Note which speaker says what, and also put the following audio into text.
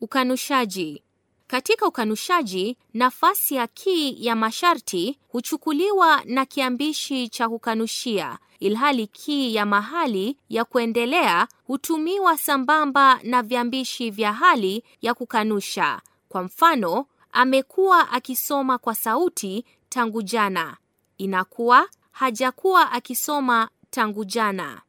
Speaker 1: Ukanushaji. Katika ukanushaji, nafasi ya ki ya masharti huchukuliwa na kiambishi cha kukanushia, ilhali ki ya mahali ya kuendelea hutumiwa sambamba na viambishi vya hali ya kukanusha. Kwa mfano, amekuwa akisoma kwa sauti tangu jana, inakuwa hajakuwa akisoma tangu jana.